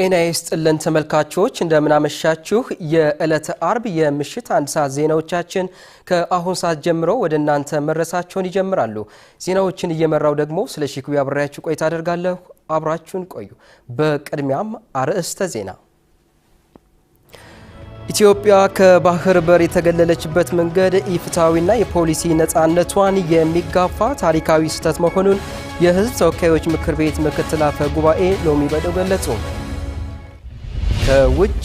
ጤና ይስጥልን ተመልካቾች፣ እንደምናመሻችሁ። የዕለተ አርብ የምሽት አንድ ሰዓት ዜናዎቻችን ከአሁን ሰዓት ጀምሮ ወደ እናንተ መድረሳቸውን ይጀምራሉ። ዜናዎችን እየመራው ደግሞ ስለ ሺኩቢ አብሬያችሁ ቆይታ አደርጋለሁ። አብራችሁን ቆዩ። በቅድሚያም አርዕስተ ዜና። ኢትዮጵያ ከባህር በር የተገለለችበት መንገድ ኢፍትሐዊና የፖሊሲ ነፃነቷን የሚጋፋ ታሪካዊ ስህተት መሆኑን የሕዝብ ተወካዮች ምክር ቤት ምክትል አፈ ጉባኤ ሎሚ በደው ገለጹ። ከውጭ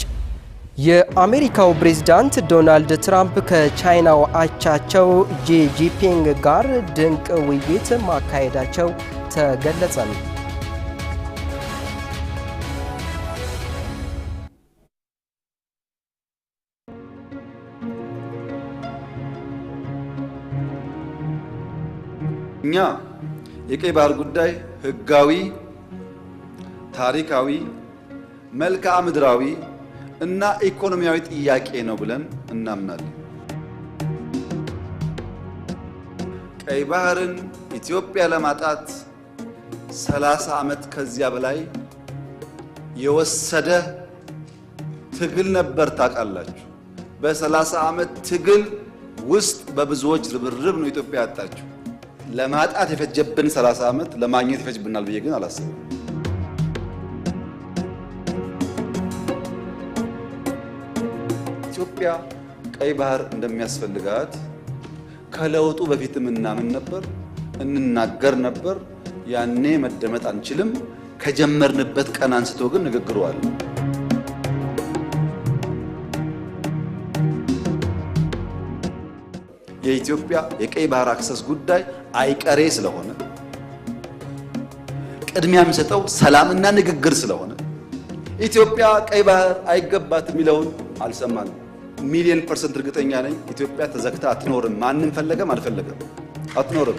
የአሜሪካው ፕሬዝዳንት ዶናልድ ትራምፕ ከቻይናው አቻቸው ጂጂፒንግ ጋር ድንቅ ውይይት ማካሄዳቸው ተገለጸ። እኛ የቀይ ባህር ጉዳይ ህጋዊ፣ ታሪካዊ መልክዓ ምድራዊ እና ኢኮኖሚያዊ ጥያቄ ነው ብለን እናምናለን። ቀይ ባህርን ኢትዮጵያ ለማጣት 30 ዓመት ከዚያ በላይ የወሰደ ትግል ነበር። ታውቃላችሁ፣ በ30 ዓመት ትግል ውስጥ በብዙዎች ርብርብ ነው ኢትዮጵያ ያጣችው። ለማጣት የፈጀብን 30 ዓመት ለማግኘት ይፈጅብናል ብዬ ግን አላስብም። ኢትዮጵያ ቀይ ባህር እንደሚያስፈልጋት ከለውጡ በፊትም እናምን ነበር፣ እንናገር ነበር። ያኔ መደመጥ አንችልም። ከጀመርንበት ቀን አንስቶ ግን ንግግሩ የኢትዮጵያ የቀይ ባህር አክሰስ ጉዳይ አይቀሬ ስለሆነ ቅድሚያ የሚሰጠው ሰላምና ንግግር ስለሆነ ኢትዮጵያ ቀይ ባህር አይገባትም የሚለውን አልሰማንም። ሚሊዮን ፐርሰንት እርግጠኛ ነኝ ኢትዮጵያ ተዘግታ አትኖርም። ማንም ፈለገም አልፈለገም አትኖርም።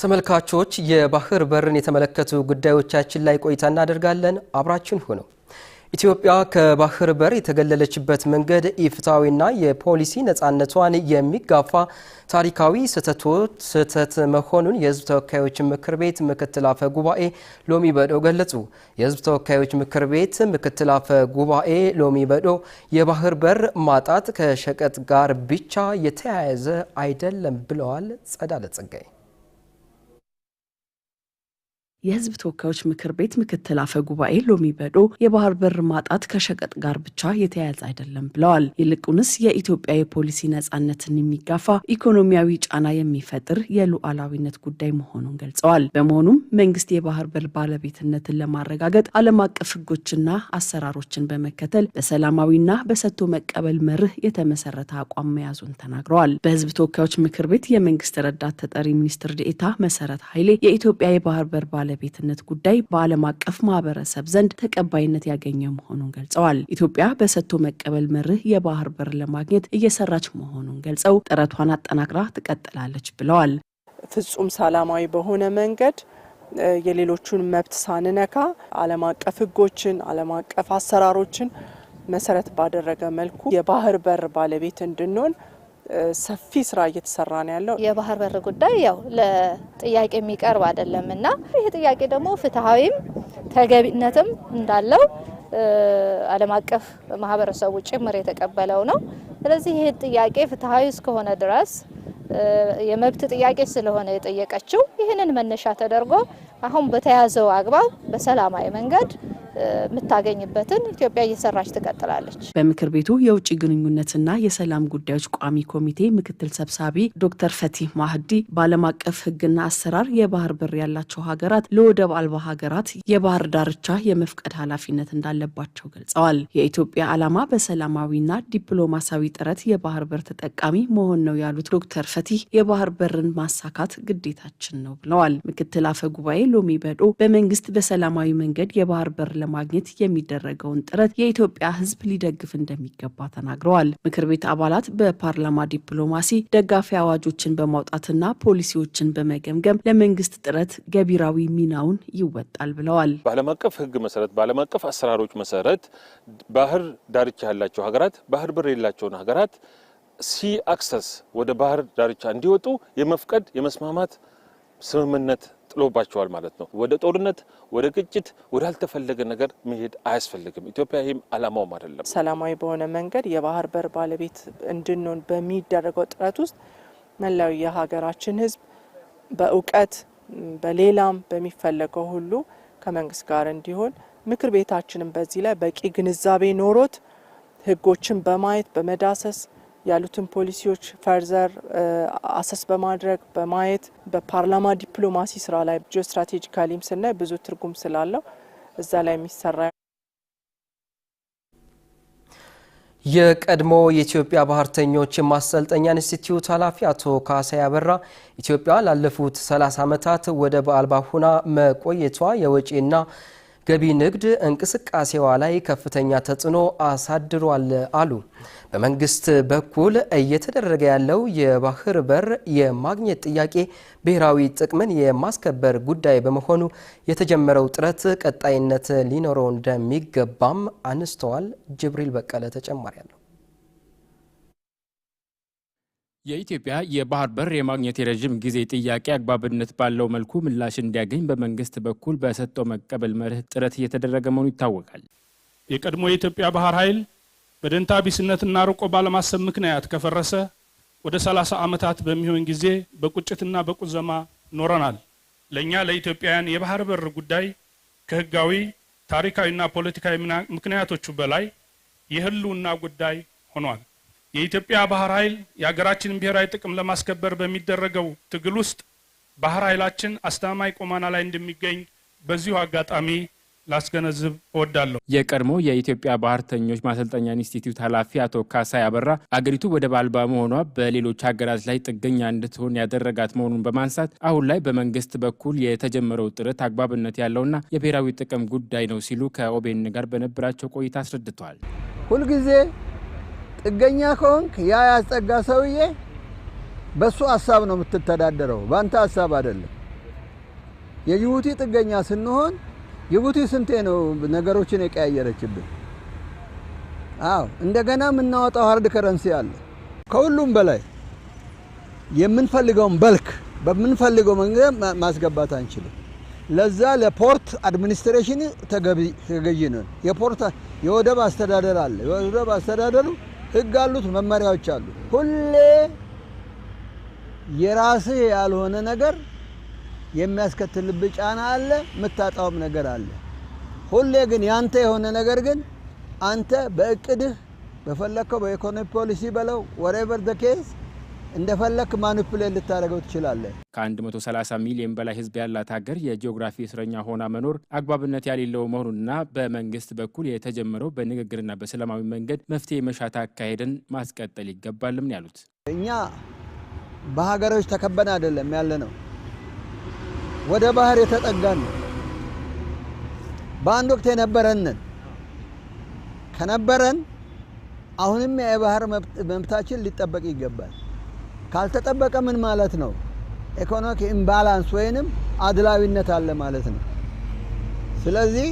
ተመልካቾች የባህር በርን የተመለከቱ ጉዳዮቻችን ላይ ቆይታ እናደርጋለን። አብራችን ሁነው ኢትዮጵያ ከባህር በር የተገለለችበት መንገድ ኢፍትሐዊና የፖሊሲ ነጻነቷን የሚጋፋ ታሪካዊ ስህተት መሆኑን የሕዝብ ተወካዮች ምክር ቤት ምክትል አፈ ጉባኤ ሎሚ በዶ ገለጹ። የሕዝብ ተወካዮች ምክር ቤት ምክትል አፈ ጉባኤ ሎሚ በዶ የባህር በር ማጣት ከሸቀጥ ጋር ብቻ የተያያዘ አይደለም ብለዋል። ጸዳለ ጸጋይ የህዝብ ተወካዮች ምክር ቤት ምክትል አፈ ጉባኤ ሎሚ በዶ የባህር በር ማጣት ከሸቀጥ ጋር ብቻ የተያያዘ አይደለም ብለዋል። ይልቁንስ የኢትዮጵያ የፖሊሲ ነጻነትን የሚጋፋ ኢኮኖሚያዊ ጫና የሚፈጥር የሉዓላዊነት ጉዳይ መሆኑን ገልጸዋል። በመሆኑም መንግስት የባህር በር ባለቤትነትን ለማረጋገጥ ዓለም አቀፍ ህጎችና አሰራሮችን በመከተል በሰላማዊና በሰጥቶ መቀበል መርህ የተመሰረተ አቋም መያዙን ተናግረዋል። በህዝብ ተወካዮች ምክር ቤት የመንግስት ረዳት ተጠሪ ሚኒስትር ዴኤታ መሰረት ኃይሌ የኢትዮጵያ የባህር በር ባለቤትነት ጉዳይ በዓለም አቀፍ ማህበረሰብ ዘንድ ተቀባይነት ያገኘ መሆኑን ገልጸዋል። ኢትዮጵያ በሰጥቶ መቀበል መርህ የባህር በር ለማግኘት እየሰራች መሆኑን ገልጸው ጥረቷን አጠናክራ ትቀጥላለች ብለዋል። ፍጹም ሰላማዊ በሆነ መንገድ የሌሎቹን መብት ሳንነካ ዓለም አቀፍ ህጎችን ዓለም አቀፍ አሰራሮችን መሰረት ባደረገ መልኩ የባህር በር ባለቤት እንድንሆን ሰፊ ስራ እየተሰራ ነው ያለው። የባህር በር ጉዳይ ያው ለጥያቄ የሚቀርብ አይደለም እና ይህ ጥያቄ ደግሞ ፍትሐዊም ተገቢነትም እንዳለው ዓለም አቀፍ ማህበረሰቡ ጭምር የተቀበለው ነው። ስለዚህ ይህ ጥያቄ ፍትሐዊ እስከሆነ ድረስ የመብት ጥያቄ ስለሆነ የጠየቀችው ይህንን መነሻ ተደርጎ አሁን በተያዘው አግባብ በሰላማዊ መንገድ የምታገኝበትን ኢትዮጵያ እየሰራች ትቀጥላለች። በምክር ቤቱ የውጭ ግንኙነትና የሰላም ጉዳዮች ቋሚ ኮሚቴ ምክትል ሰብሳቢ ዶክተር ፈቲህ ማህዲ በዓለም አቀፍ ሕግና አሰራር የባህር በር ያላቸው ሀገራት ለወደብ አልባ ሀገራት የባህር ዳርቻ የመፍቀድ ኃላፊነት እንዳለባቸው ገልጸዋል። የኢትዮጵያ ዓላማ በሰላማዊና ዲፕሎማሲያዊ ጥረት የባህር በር ተጠቃሚ መሆን ነው ያሉት ዶክተር ፈቲህ የባህር በርን ማሳካት ግዴታችን ነው ብለዋል። ምክትል አፈ ጉባኤ ሎሚ በዶ በመንግስት በሰላማዊ መንገድ የባህር በር ለማግኘት የሚደረገውን ጥረት የኢትዮጵያ ሕዝብ ሊደግፍ እንደሚገባ ተናግረዋል። ምክር ቤት አባላት በፓርላማ ዲፕሎማሲ ደጋፊ አዋጆችን በማውጣትና ፖሊሲዎችን በመገምገም ለመንግስት ጥረት ገቢራዊ ሚናውን ይወጣል ብለዋል። በዓለም አቀፍ ሕግ መሰረት በዓለም አቀፍ አሰራሮች መሰረት ባህር ዳርቻ ያላቸው ሀገራት ባህር በር የሌላቸውን ሀገራት ሲ አክሰስ ወደ ባህር ዳርቻ እንዲወጡ የመፍቀድ የመስማማት ስምምነት ጥሎባቸዋል ማለት ነው። ወደ ጦርነት፣ ወደ ግጭት፣ ወዳልተፈለገ ነገር መሄድ አያስፈልግም። ኢትዮጵያ ይህም አላማውም አይደለም። ሰላማዊ በሆነ መንገድ የባህር በር ባለቤት እንድንሆን በሚደረገው ጥረት ውስጥ መላው የሀገራችን ህዝብ በእውቀት በሌላም በሚፈለገው ሁሉ ከመንግስት ጋር እንዲሆን ምክር ቤታችንም በዚህ ላይ በቂ ግንዛቤ ኖሮት ህጎችን በማየት በመዳሰስ ያሉትን ፖሊሲዎች ፈርዘር አሰስ በማድረግ በማየት በፓርላማ ዲፕሎማሲ ስራ ላይ ጂኦ ስትራቴጂካሊም ስናይ ብዙ ትርጉም ስላለው እዛ ላይ የሚሰራ የቀድሞ የኢትዮጵያ ባህርተኞች ማሰልጠኛ ኢንስቲትዩት ኃላፊ አቶ ካሳ ያበራ ኢትዮጵያ ላለፉት 30 ዓመታት ወደብ አልባ ሆና መቆየቷ የወጪና ገቢ ንግድ እንቅስቃሴዋ ላይ ከፍተኛ ተጽዕኖ አሳድሯል አሉ። በመንግስት በኩል እየተደረገ ያለው የባህር በር የማግኘት ጥያቄ ብሔራዊ ጥቅምን የማስከበር ጉዳይ በመሆኑ የተጀመረው ጥረት ቀጣይነት ሊኖረው እንደሚገባም አንስተዋል። ጅብሪል በቀለ ተጨማሪ አለው። የኢትዮጵያ የባህር በር የማግኘት የረዥም ጊዜ ጥያቄ አግባብነት ባለው መልኩ ምላሽ እንዲያገኝ በመንግስት በኩል በሰጠው መቀበል መርህ ጥረት እየተደረገ መሆኑ ይታወቃል። የቀድሞ የኢትዮጵያ ባህር ኃይል በደንታ ቢስነትና ርቆ ባለማሰብ ምክንያት ከፈረሰ ወደ 30 ዓመታት በሚሆን ጊዜ በቁጭትና በቁዘማ ኖረናል። ለእኛ ለኢትዮጵያውያን የባህር በር ጉዳይ ከህጋዊ ታሪካዊና ፖለቲካዊ ምክንያቶቹ በላይ የህልውና ጉዳይ ሆኗል። የኢትዮጵያ ባህር ኃይል የሀገራችንን ብሔራዊ ጥቅም ለማስከበር በሚደረገው ትግል ውስጥ ባህር ኃይላችን አስተማማኝ ቁመና ላይ እንደሚገኝ በዚሁ አጋጣሚ ላስገነዝብ እወዳለሁ። የቀድሞ የኢትዮጵያ ባህርተኞች ማሰልጠኛ ኢንስቲትዩት ኃላፊ አቶ ካሳይ አበራ አገሪቱ ወደብ አልባ መሆኗ በሌሎች ሀገራት ላይ ጥገኛ እንድትሆን ያደረጋት መሆኑን በማንሳት አሁን ላይ በመንግስት በኩል የተጀመረው ጥረት አግባብነት ያለውና የብሔራዊ ጥቅም ጉዳይ ነው ሲሉ ከኦቤን ጋር በነበራቸው ቆይታ አስረድተዋል። ሁልጊዜ ጥገኛ ከሆንክ ያ ያስጠጋ ሰውዬ በእሱ ሀሳብ ነው የምትተዳደረው፣ በአንተ ሀሳብ አይደለም። የጅቡቲ ጥገኛ ስንሆን ጅቡቲ ስንቴ ነው ነገሮችን የቀያየረችብን? አዎ እንደገና የምናወጣው ሀርድ ከረንሲ አለ። ከሁሉም በላይ የምንፈልገውን በልክ በምንፈልገው መንገድ ማስገባት አንችልም። ለዛ ለፖርት አድሚኒስትሬሽን ተገዥ ነን። የፖርት የወደብ አስተዳደር አለ። የወደብ አስተዳደሩ ህግ አሉት፣ መመሪያዎች አሉ። ሁሌ የራስህ ያልሆነ ነገር የሚያስከትልብህ ጫና አለ፣ የምታጣውም ነገር አለ። ሁሌ ግን ያንተ የሆነ ነገር ግን አንተ በእቅድህ በፈለግከው በኢኮኖሚ ፖሊሲ በለው ወሬቨር ዘ ኬስ እንደፈለክ ማኒፕሌት ልታደርገው ትችላለህ። ከ130 ሚሊዮን በላይ ህዝብ ያላት ሀገር የጂኦግራፊ እስረኛ ሆና መኖር አግባብነት ያሌለው መሆኑንና በመንግስት በኩል የተጀመረው በንግግርና በሰላማዊ መንገድ መፍትሄ መሻት አካሄድን ማስቀጠል ይገባልም ያሉት እኛ በሀገሮች ተከበን አይደለም ያለ ነው፣ ወደ ባህር የተጠጋን በአንድ ወቅት የነበረንን ከነበረን አሁንም የባህር መብታችን ሊጠበቅ ይገባል። ካልተጠበቀ ምን ማለት ነው? ኢኮኖሚክ ኢምባላንስ ወይንም አድላዊነት አለ ማለት ነው። ስለዚህ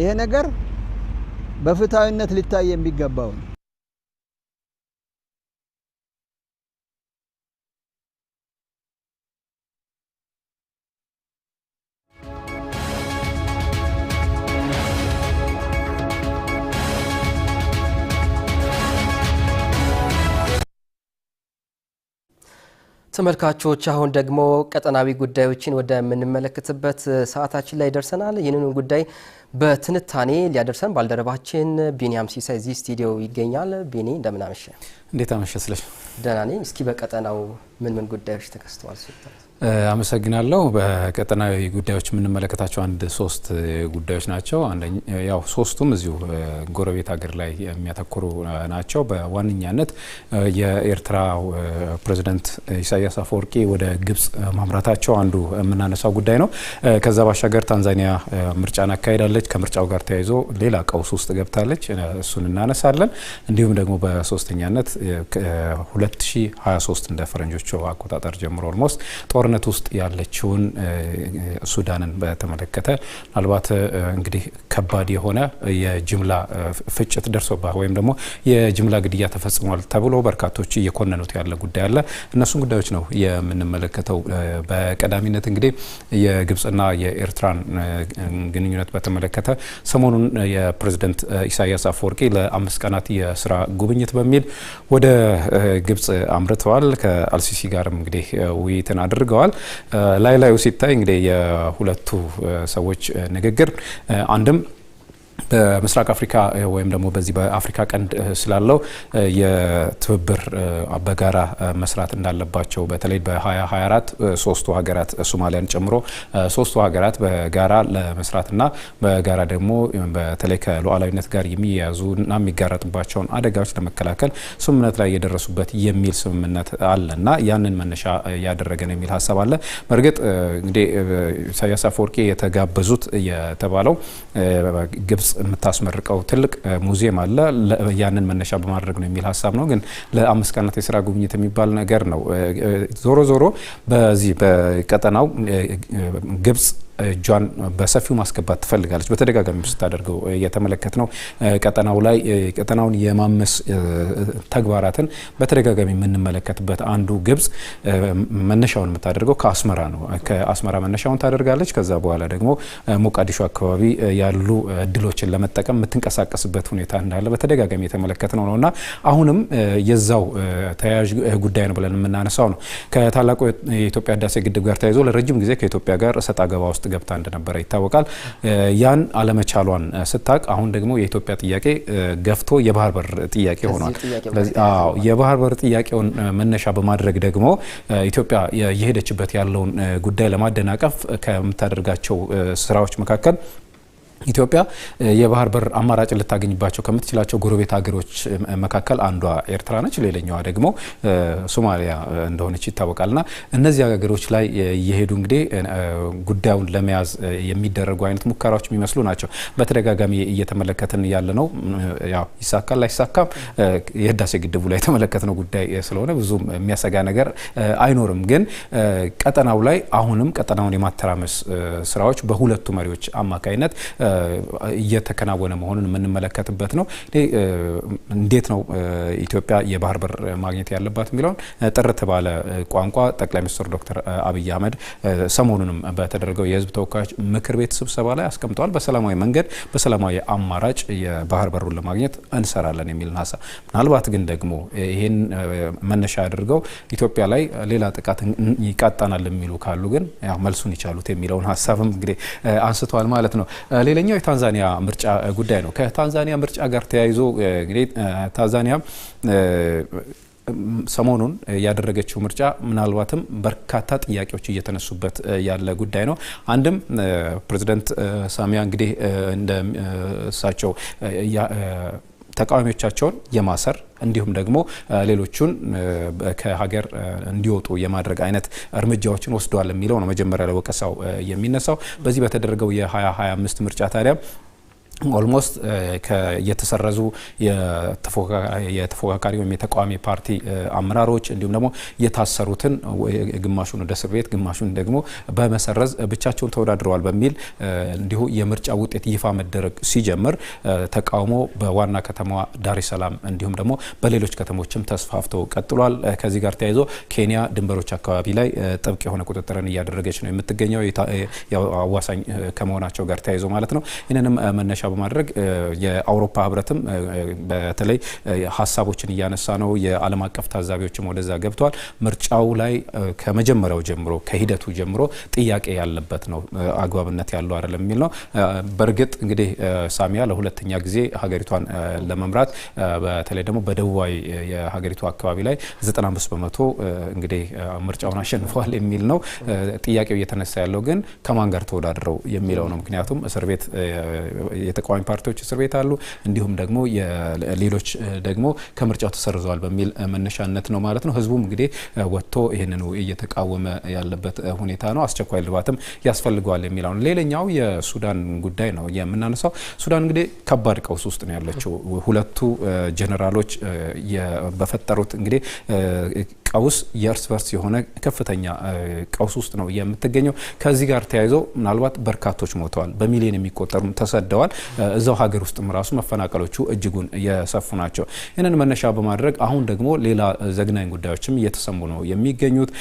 ይሄ ነገር በፍትሐዊነት ሊታይ የሚገባው ነው። ተመልካቾች አሁን ደግሞ ቀጠናዊ ጉዳዮችን ወደምንመለከትበት ሰዓታችን ላይ ደርሰናል። ይህንን ጉዳይ በትንታኔ ሊያደርሰን ባልደረባችን ቢኒያም ሲሳይ እዚህ ስቱዲዮ ይገኛል። ቢኒ እንደምን አመሸ? እንዴት አመሸ ስለሽ? ደህና ነኝ። እስኪ በቀጠናው ምን ምን ጉዳዮች ተከስተዋል? አመሰግናለሁ። በቀጠናዊ ጉዳዮች የምንመለከታቸው አንድ ሶስት ጉዳዮች ናቸው። ያው ሶስቱም እዚሁ ጎረቤት ሀገር ላይ የሚያተኩሩ ናቸው። በዋነኛነት የኤርትራ ፕሬዚደንት ኢሳያስ አፈወርቂ ወደ ግብጽ ማምራታቸው አንዱ የምናነሳው ጉዳይ ነው። ከዛ ባሻገር ታንዛኒያ ምርጫን አካሄዳለች ከምርጫው ጋር ተያይዞ ሌላ ቀውስ ውስጥ ገብታለች። እሱን እናነሳለን። እንዲሁም ደግሞ በሶስተኛነት 2023 እንደ ፈረንጆቹ አቆጣጠር ጀምሮ ኦልሞስት ጦርነት ውስጥ ያለችውን ሱዳንን በተመለከተ ምናልባት እንግዲህ ከባድ የሆነ የጅምላ ፍጭት ደርሶባ ወይም ደግሞ የጅምላ ግድያ ተፈጽሟል ተብሎ በርካቶች እየኮነኑት ያለ ጉዳይ አለ። እነሱን ጉዳዮች ነው የምንመለከተው። በቀዳሚነት እንግዲህ የግብጽና የኤርትራን ግንኙነት በተመለከተ ሰሞኑን የፕሬዝደንት ኢሳያስ አፈወርቂ ለአምስት ቀናት የስራ ጉብኝት በሚል ወደ ግብጽ አምርተዋል። ከአልሲሲ ጋርም እንግዲህ ውይይትን አድርገዋል። አድርገዋል። ላይ ላዩ ሲታይ እንግዲህ የሁለቱ ሰዎች ንግግር አንድም በምስራቅ አፍሪካ ወይም ደግሞ በዚህ በአፍሪካ ቀንድ ስላለው የትብብር በጋራ መስራት እንዳለባቸው በተለይ በ2024 ሶስቱ ሀገራት ሶማሊያን ጨምሮ ሶስቱ ሀገራት በጋራ ለመስራትና በጋራ ደግሞ በተለይ ከሉዓላዊነት ጋር የሚያያዙና የሚጋረጥባቸውን አደጋዎች ለመከላከል ስምምነት ላይ የደረሱበት የሚል ስምምነት አለና ያንን መነሻ ያደረገ ነው የሚል ሀሳብ አለ። በእርግጥ እንግዲህ ኢሳያስ አፈወርቂ የተጋበዙት የተባለው ግብጽ የምታስመርቀው ትልቅ ሙዚየም አለ። ያንን መነሻ በማድረግ ነው የሚል ሀሳብ ነው። ግን ለአምስት ቀናት የስራ ጉብኝት የሚባል ነገር ነው። ዞሮ ዞሮ በዚህ በቀጠናው ግብጽ እጇን በሰፊው ማስገባት ትፈልጋለች። በተደጋጋሚ ስታደርገው እየተመለከት ነው። ቀጠናው ላይ ቀጠናውን የማመስ ተግባራትን በተደጋጋሚ የምንመለከትበት አንዱ ግብጽ መነሻውን የምታደርገው ከአስመራ ነው። ከአስመራ መነሻውን ታደርጋለች። ከዛ በኋላ ደግሞ ሞቃዲሾ አካባቢ ያሉ እድሎችን ለመጠቀም የምትንቀሳቀስበት ሁኔታ እንዳለ በተደጋጋሚ የተመለከት ነው ነውና አሁንም የዛው ተያያዥ ጉዳይ ነው ብለን የምናነሳው ነው። ከታላቁ የኢትዮጵያ ህዳሴ ግድብ ጋር ተያይዞ ለረጅም ጊዜ ከኢትዮጵያ ጋር እሰጥ አገባ ውስጥ ገብታ እንደነበረ ይታወቃል። ያን አለመቻሏን ስታቅ አሁን ደግሞ የኢትዮጵያ ጥያቄ ገፍቶ የባህር በር ጥያቄ ሆኗል። የባህር በር ጥያቄውን መነሻ በማድረግ ደግሞ ኢትዮጵያ የሄደችበት ያለውን ጉዳይ ለማደናቀፍ ከምታደርጋቸው ስራዎች መካከል ኢትዮጵያ የባህር በር አማራጭ ልታገኝባቸው ከምትችላቸው ጎረቤት ሀገሮች መካከል አንዷ ኤርትራ ነች። ሌላኛዋ ደግሞ ሶማሊያ እንደሆነች ይታወቃልና እነዚህ ሀገሮች ላይ እየሄዱ እንግዲህ ጉዳዩን ለመያዝ የሚደረጉ አይነት ሙከራዎች የሚመስሉ ናቸው። በተደጋጋሚ እየተመለከትን ያለ ነው። ያው ይሳካል ላይሳካም የህዳሴ ግድቡ ላይ የተመለከትነው ጉዳይ ስለሆነ ብዙም የሚያሰጋ ነገር አይኖርም። ግን ቀጠናው ላይ አሁንም ቀጠናውን የማተራመስ ስራዎች በሁለቱ መሪዎች አማካይነት እየተከናወነ መሆኑን የምንመለከትበት ነው። እንዴት ነው ኢትዮጵያ የባህር በር ማግኘት ያለባት የሚለውን ጥርት ባለ ቋንቋ ጠቅላይ ሚኒስትር ዶክተር አብይ አህመድ ሰሞኑንም በተደረገው የህዝብ ተወካዮች ምክር ቤት ስብሰባ ላይ አስቀምጠዋል። በሰላማዊ መንገድ በሰላማዊ አማራጭ የባህር በሩን ለማግኘት እንሰራለን የሚልን ሀሳብ ምናልባት ግን ደግሞ ይህን መነሻ አድርገው ኢትዮጵያ ላይ ሌላ ጥቃት ይቃጣናል የሚሉ ካሉ ግን መልሱን ይቻሉት የሚለውን ሀሳብም እንግዲህ አንስተዋል ማለት ነው። ሌላኛው የታንዛኒያ ምርጫ ጉዳይ ነው። ከታንዛኒያ ምርጫ ጋር ተያይዞ እንግዲህ ታንዛኒያ ሰሞኑን ያደረገችው ምርጫ ምናልባትም በርካታ ጥያቄዎች እየተነሱበት ያለ ጉዳይ ነው። አንድም ፕሬዚደንት ሳሚያ እንግዲህ እንደ እሳቸው ተቃዋሚዎቻቸውን የማሰር እንዲሁም ደግሞ ሌሎቹን ከሀገር እንዲወጡ የማድረግ አይነት እርምጃዎችን ወስደዋል የሚለው ነው መጀመሪያ ላይ የሚነሳው። በዚህ በተደረገው የ2025 ምርጫ ታዲያ ኦልሞስት የተሰረዙ የተፎካካሪ ወይም የተቃዋሚ ፓርቲ አመራሮች እንዲሁም ደግሞ የታሰሩትን ግማሹን ወደ እስር ቤት ግማሹን ደግሞ በመሰረዝ ብቻቸውን ተወዳድረዋል በሚል እንዲሁ የምርጫ ውጤት ይፋ መደረግ ሲጀምር ተቃውሞ በዋና ከተማዋ ዳሬ ሰላም እንዲሁም ደግሞ በሌሎች ከተሞችም ተስፋፍቶ ቀጥሏል። ከዚህ ጋር ተያይዞ ኬንያ ድንበሮች አካባቢ ላይ ጥብቅ የሆነ ቁጥጥርን እያደረገች ነው የምትገኘው አዋሳኝ ከመሆናቸው ጋር ተያይዞ ማለት ነው። ይህንንም መነሻ በማድረግ የአውሮፓ ህብረትም በተለይ ሀሳቦችን እያነሳ ነው። የዓለም አቀፍ ታዛቢዎችም ወደዛ ገብተዋል። ምርጫው ላይ ከመጀመሪያው ጀምሮ ከሂደቱ ጀምሮ ጥያቄ ያለበት ነው፣ አግባብነት ያለው አይደለም የሚል ነው። በእርግጥ እንግዲህ ሳሚያ ለሁለተኛ ጊዜ ሀገሪቷን ለመምራት በተለይ ደግሞ በደቡባዊ የሀገሪቱ አካባቢ ላይ 95 በመቶ እንግዲህ ምርጫውን አሸንፈዋል የሚል ነው። ጥያቄው እየተነሳ ያለው ግን ከማን ጋር ተወዳድረው የሚለው ነው። ምክንያቱም እስር ቤት የተቃዋሚ ፓርቲዎች እስር ቤት አሉ። እንዲሁም ደግሞ ሌሎች ደግሞ ከምርጫው ተሰርዘዋል በሚል መነሻነት ነው ማለት ነው። ህዝቡም እንግዲህ ወጥቶ ይህንኑ እየተቃወመ ያለበት ሁኔታ ነው። አስቸኳይ ልባትም ያስፈልገዋል የሚለው ነው። ሌላኛው የሱዳን ጉዳይ ነው የምናነሳው። ሱዳን እንግዲህ ከባድ ቀውስ ውስጥ ነው ያለችው። ሁለቱ ጀነራሎች በፈጠሩት እንግዲህ ቀውስ የእርስ በርስ የሆነ ከፍተኛ ቀውስ ውስጥ ነው የምትገኘው። ከዚህ ጋር ተያይዘው ምናልባት በርካቶች ሞተዋል፣ በሚሊዮን የሚቆጠሩም ተሰደዋል። እዛው ሀገር ውስጥም ራሱ መፈናቀሎቹ እጅጉን የሰፉ ናቸው። ይህንን መነሻ በማድረግ አሁን ደግሞ ሌላ ዘግናኝ ጉዳዮችም እየተሰሙ ነው የሚገኙት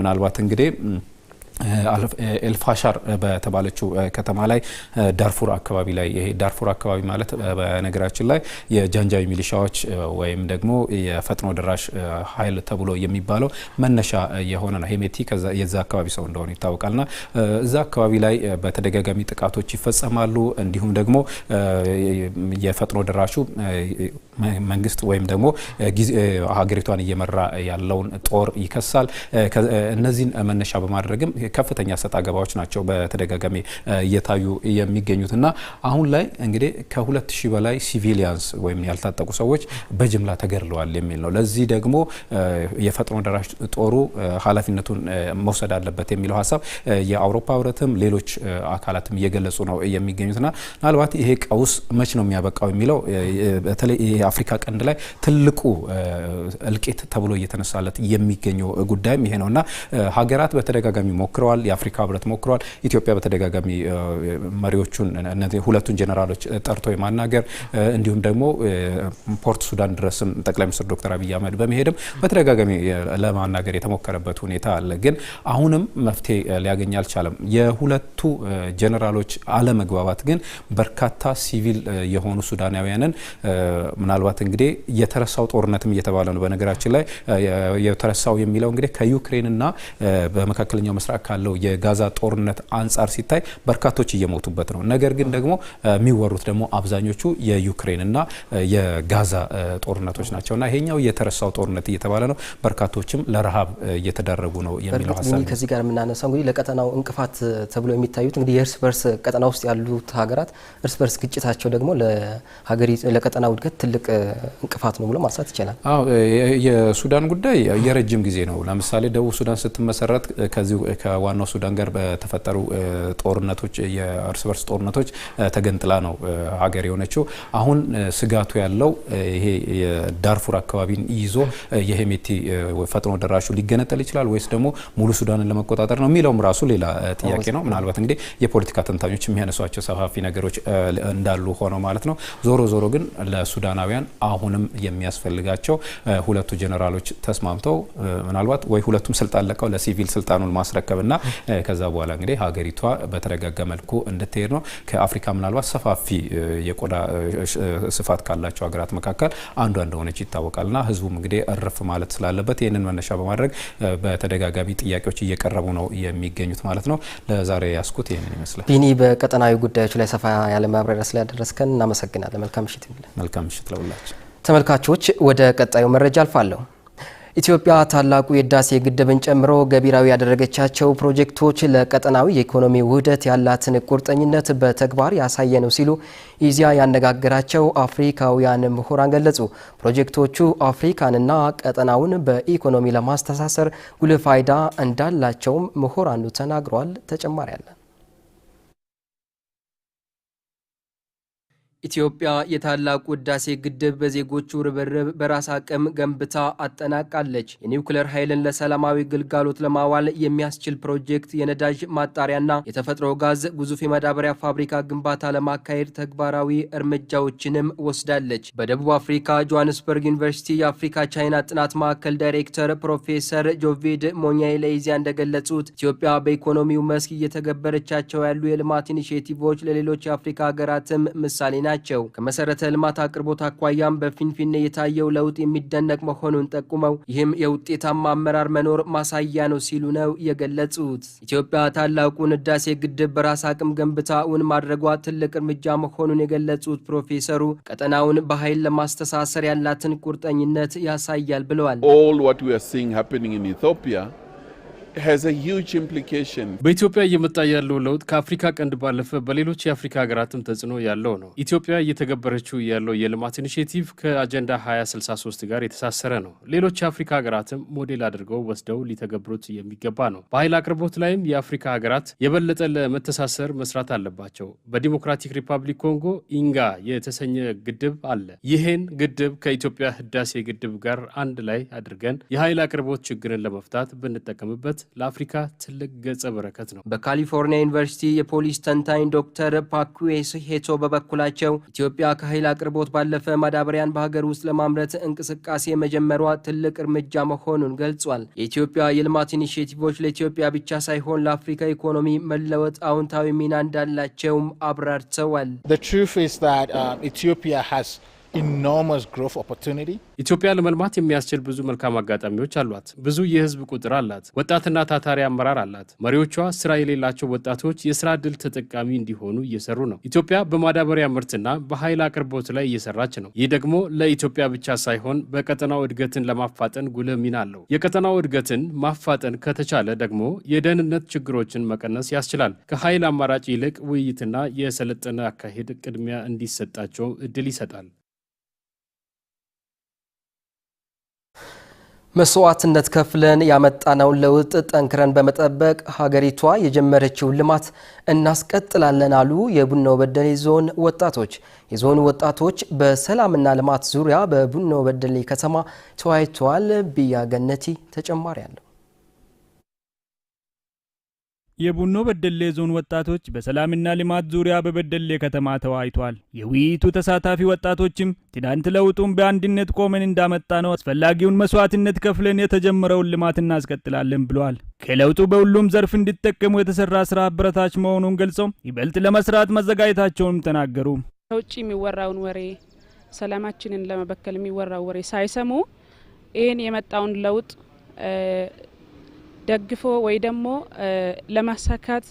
ምናልባት እንግዲህ ኤልፋሻር በተባለችው ከተማ ላይ ዳርፉር አካባቢ ላይ ይሄ ዳርፉር አካባቢ ማለት በነገራችን ላይ የጃንጃዊ ሚሊሻዎች ወይም ደግሞ የፈጥኖ ደራሽ ኃይል ተብሎ የሚባለው መነሻ የሆነ ነው። ሄሜቲ የዛ አካባቢ ሰው እንደሆነ ይታወቃልና እዛ አካባቢ ላይ በተደጋጋሚ ጥቃቶች ይፈጸማሉ። እንዲሁም ደግሞ የፈጥኖ ደራሹ መንግስት ወይም ደግሞ ሀገሪቷን እየመራ ያለውን ጦር ይከሳል። እነዚህን መነሻ በማድረግም ከፍተኛ ሰጥ አገባዎች ናቸው በተደጋጋሚ እየታዩ የሚገኙት እና አሁን ላይ እንግዲህ ከሁለት ሺህ በላይ ሲቪሊያንስ ወይም ያልታጠቁ ሰዎች በጅምላ ተገድለዋል የሚል ነው። ለዚህ ደግሞ የፈጥኖ ደራሽ ጦሩ ኃላፊነቱን መውሰድ አለበት የሚለው ሀሳብ የአውሮፓ ህብረትም ሌሎች አካላትም እየገለጹ ነው የሚገኙትና ምናልባት ይሄ ቀውስ መች ነው የሚያበቃው የሚለው በተለይ የአፍሪካ ቀንድ ላይ ትልቁ እልቂት ተብሎ እየተነሳለት የሚገኘው ጉዳይም ይሄ እና ሀገራት በተደጋጋሚ ሞክረዋል፣ የአፍሪካ ህብረት ሞክረዋል። ኢትዮጵያ በተደጋጋሚ መሪዎቹን እነዚህ ሁለቱን ጄኔራሎች ጠርቶ የማናገር እንዲሁም ደግሞ ፖርት ሱዳን ድረስም ጠቅላይ ሚኒስትር ዶክተር አብይ አህመድ በመሄድም በተደጋጋሚ ለማናገር የተሞከረበት ሁኔታ አለ። ግን አሁንም መፍትሄ ሊያገኝ አልቻለም። የሁለቱ ጄኔራሎች አለመግባባት ግን በርካታ ሲቪል የሆኑ ሱዳናውያንን ምናልባት እንግዲህ የተረሳው ጦርነትም እየተባለ ነው። በነገራችን ላይ የተረሳው የሚለው እንግዲህ ከዩክሬንና በመካከለኛው ምስራቅ ካለው የጋዛ ጦርነት አንጻር ሲታይ በርካቶች እየሞቱበት ነው። ነገር ግን ደግሞ የሚወሩት ደግሞ አብዛኞቹ የዩክሬንና የጋዛ ጦርነቶች ናቸውና ይሄኛው የተረሳው ጦርነት እየተባለ ነው። በርካቶችም ለረሃብ እየተዳረጉ ነው የሚለው ሀሳብ ከዚህ ጋር የምናነሳው እንግዲህ ለቀጠናው እንቅፋት ተብሎ የሚታዩት እንግዲህ የእርስ በርስ ቀጠና ውስጥ ያሉት ሀገራት እርስ በርስ ግጭታቸው ደግሞ ለቀጠናው እድገት ትልቅ እንቅፋት ነው ብሎ ማንሳት ይቻላል። የሱዳን ጉዳይ የረጅም ጊዜ ነው። ለምሳሌ ደቡብ ሱዳን ስትመሰረት ከዚሁ ከዋናው ሱዳን ጋር በተፈጠሩ ጦርነቶች የእርስ በርስ ጦርነቶች ተገንጥላ ነው ሀገር የሆነችው። አሁን ስጋቱ ያለው ይሄ የዳርፉር አካባቢን ይዞ የሄሜቲ ፈጥኖ ደራሹ ሊገነጠል ይችላል ወይስ ደግሞ ሙሉ ሱዳንን ለመቆጣጠር ነው የሚለውም ራሱ ሌላ ጥያቄ ነው። ምናልባት እንግዲህ የፖለቲካ ተንታኞች የሚያነሷቸው ሰፋፊ ነገሮች እንዳሉ ሆነው ማለት ነው። ዞሮ ዞሮ ግን ለሱዳናውያን አሁንም የሚያስፈልጋቸው ሁለቱ ጀነራሎች ተስማምተው ምናልባት ወይ ሁለቱም ስልጣን ለቀው ለሲቪል ስልጣኑን ማስረከብ እና ከዛ በኋላ እንግዲህ ሀገሪቷ በተረጋጋ መልኩ እንድትሄድ ነው። ከአፍሪካ ምናልባት ሰፋፊ የቆዳ ስፋት ካላቸው ሀገራት መካከል አንዷ እንደሆነች ይታወቃል እና ህዝቡም እንግዲህ እርፍ ማለት ስላለበት ይህንን መነሻ በማድረግ በተደጋጋሚ ጥያቄዎች እየቀረቡ ነው የሚገኙት ማለት ነው። ለዛሬ ያስኩት ይህንን ይመስላል። ቢኒ፣ በቀጠናዊ ጉዳዮች ላይ ሰፋ ያለ ማብራሪያ ስላደረስከን እናመሰግናለን። መልካም ምሽት። መልካም ምሽት ለሁላችን ተመልካቾች። ወደ ቀጣዩ መረጃ አልፋለሁ። ኢትዮጵያ ታላቁ የህዳሴ ግድብን ጨምሮ ገቢራዊ ያደረገቻቸው ፕሮጀክቶች ለቀጠናዊ የኢኮኖሚ ውህደት ያላትን ቁርጠኝነት በተግባር ያሳየ ነው ሲሉ ኢዜአ ያነጋገራቸው አፍሪካውያን ምሁራን ገለጹ። ፕሮጀክቶቹ አፍሪካንና ቀጠናውን በኢኮኖሚ ለማስተሳሰር ጉልህ ፋይዳ እንዳላቸውም ምሁራኑ ተናግረዋል። ተጨማሪ አለ ኢትዮጵያ የታላቁ ህዳሴ ግድብ በዜጎቹ ርብርብ በራስ አቅም ገንብታ አጠናቃለች። የኒውክሌር ኃይልን ለሰላማዊ ግልጋሎት ለማዋል የሚያስችል ፕሮጀክት፣ የነዳጅ ማጣሪያና የተፈጥሮ ጋዝ ግዙፍ የማዳበሪያ ፋብሪካ ግንባታ ለማካሄድ ተግባራዊ እርምጃዎችንም ወስዳለች። በደቡብ አፍሪካ ጆሃንስበርግ ዩኒቨርሲቲ የአፍሪካ ቻይና ጥናት ማዕከል ዳይሬክተር ፕሮፌሰር ጆቬድ ሞኛይ ለኢዜአ እንደገለጹት ኢትዮጵያ በኢኮኖሚው መስክ እየተገበረቻቸው ያሉ የልማት ኢኒሽቲቮች ለሌሎች የአፍሪካ ሀገራትም ምሳሌ ናቸው። ናቸው። ከመሰረተ ልማት አቅርቦት አኳያም በፊንፊኔ የታየው ለውጥ የሚደነቅ መሆኑን ጠቁመው ይህም የውጤታማ አመራር መኖር ማሳያ ነው ሲሉ ነው የገለጹት። ኢትዮጵያ ታላቁን ህዳሴ ግድብ በራስ አቅም ገንብታ እውን ማድረጓ ትልቅ እርምጃ መሆኑን የገለጹት ፕሮፌሰሩ ቀጠናውን በኃይል ለማስተሳሰር ያላትን ቁርጠኝነት ያሳያል ብለዋል። በኢትዮጵያ እየመጣ ያለው ለውጥ ከአፍሪካ ቀንድ ባለፈ በሌሎች የአፍሪካ ሀገራትም ተጽዕኖ ያለው ነው። ኢትዮጵያ እየተገበረችው ያለው የልማት ኢኒሽቲቭ ከአጀንዳ 2063 ጋር የተሳሰረ ነው። ሌሎች የአፍሪካ ሀገራትም ሞዴል አድርገው ወስደው ሊተገብሩት የሚገባ ነው። በኃይል አቅርቦት ላይም የአፍሪካ ሀገራት የበለጠ ለመተሳሰር መስራት አለባቸው። በዲሞክራቲክ ሪፐብሊክ ኮንጎ ኢንጋ የተሰኘ ግድብ አለ። ይህን ግድብ ከኢትዮጵያ ህዳሴ ግድብ ጋር አንድ ላይ አድርገን የኃይል አቅርቦት ችግርን ለመፍታት ብንጠቀምበት ለአፍሪካ ትልቅ ገጸ በረከት ነው። በካሊፎርኒያ ዩኒቨርሲቲ የፖሊስ ተንታኝ ዶክተር ፓኩዌስ ሄቶ በበኩላቸው ኢትዮጵያ ከኃይል አቅርቦት ባለፈ ማዳበሪያን በሀገር ውስጥ ለማምረት እንቅስቃሴ መጀመሯ ትልቅ እርምጃ መሆኑን ገልጿል። የኢትዮጵያ የልማት ኢኒሽቲቮች ለኢትዮጵያ ብቻ ሳይሆን ለአፍሪካ ኢኮኖሚ መለወጥ አዎንታዊ ሚና እንዳላቸውም አብራርተዋል። ኢትዮጵያ ለመልማት የሚያስችል ብዙ መልካም አጋጣሚዎች አሏት። ብዙ የህዝብ ቁጥር አላት። ወጣትና ታታሪ አመራር አላት። መሪዎቿ ስራ የሌላቸው ወጣቶች የስራ እድል ተጠቃሚ እንዲሆኑ እየሰሩ ነው። ኢትዮጵያ በማዳበሪያ ምርትና በኃይል አቅርቦት ላይ እየሰራች ነው። ይህ ደግሞ ለኢትዮጵያ ብቻ ሳይሆን በቀጠናው እድገትን ለማፋጠን ጉልህ ሚና አለው። የቀጠናው እድገትን ማፋጠን ከተቻለ ደግሞ የደህንነት ችግሮችን መቀነስ ያስችላል። ከኃይል አማራጭ ይልቅ ውይይትና የሰለጠነ አካሄድ ቅድሚያ እንዲሰጣቸው እድል ይሰጣል። መስዋዕትነት ከፍለን ያመጣነውን ለውጥ ጠንክረን በመጠበቅ ሀገሪቷ የጀመረችውን ልማት እናስቀጥላለን አሉ የቡኖ በደሌ ዞን ወጣቶች። የዞኑ ወጣቶች በሰላምና ልማት ዙሪያ በቡኖ በደሌ ከተማ ተወያይተዋል። ብያገነቲ ተጨማሪ አለው። የቡኖ በደሌ ዞን ወጣቶች በሰላምና ልማት ዙሪያ በበደሌ ከተማ ተወያይቷል። የውይይቱ ተሳታፊ ወጣቶችም ትናንት ለውጡን በአንድነት ቆመን እንዳመጣ ነው አስፈላጊውን መስዋዕትነት ከፍለን የተጀመረውን ልማት እናስቀጥላለን ብሏል። ከለውጡ በሁሉም ዘርፍ እንዲጠቀሙ የተሰራ ስራ አበረታች መሆኑን ገልጸው ይበልጥ ለመስራት መዘጋጀታቸውንም ተናገሩ። ከውጭ የሚወራውን ወሬ ሰላማችንን ለመበከል የሚወራው ወሬ ሳይሰሙ ይህን የመጣውን ለውጥ ደግፎ ወይ ደግሞ ለማሳካት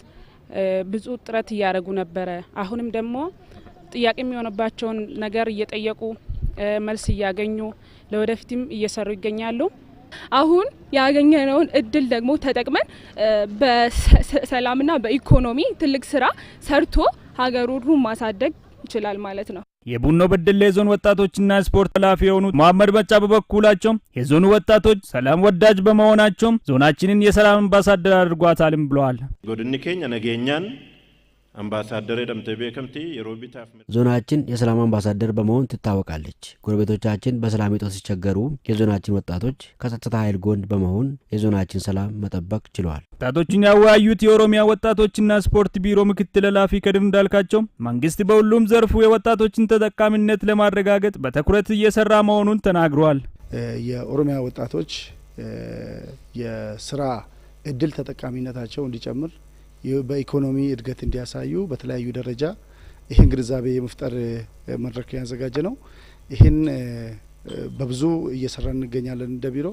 ብዙ ጥረት እያደረጉ ነበረ። አሁንም ደግሞ ጥያቄ የሚሆንባቸውን ነገር እየጠየቁ መልስ እያገኙ ለወደፊትም እየሰሩ ይገኛሉ። አሁን ያገኘነውን እድል ደግሞ ተጠቅመን በሰላምና በኢኮኖሚ ትልቅ ስራ ሰርቶ ሀገሩን ማሳደግ ይችላል ማለት ነው። የቡኖ በደሌ የዞን ወጣቶችና ስፖርት ኃላፊ የሆኑት መሐመድ በጫ በበኩላቸው የዞኑ ወጣቶች ሰላም ወዳጅ በመሆናቸው ዞናችንን የሰላም አምባሳደር አድርጓታልም ብለዋል። ጎድን ኬኛ ነገኛን አምባሳደር ደምቴ ቤከምቲ የሮቢት ዞናችን የሰላም አምባሳደር በመሆን ትታወቃለች። ጎረቤቶቻችን በሰላም እጦት ሲቸገሩ የዞናችን ወጣቶች ከጸጥታ ኃይል ጎን በመሆን የዞናችን ሰላም መጠበቅ ችለዋል። ወጣቶችን ያወያዩት የኦሮሚያ ወጣቶችና ስፖርት ቢሮ ምክትል ኃላፊ ከድር እንዳልካቸው መንግስት በሁሉም ዘርፉ የወጣቶችን ተጠቃሚነት ለማረጋገጥ በትኩረት እየሰራ መሆኑን ተናግረዋል። የኦሮሚያ ወጣቶች የስራ እድል ተጠቃሚነታቸው እንዲጨምር በኢኮኖሚ እድገት እንዲያሳዩ በተለያዩ ደረጃ ይህን ግንዛቤ የመፍጠር መድረክ ያዘጋጀ ነው። ይህን በብዙ እየሰራን እንገኛለን እንደ ቢሮ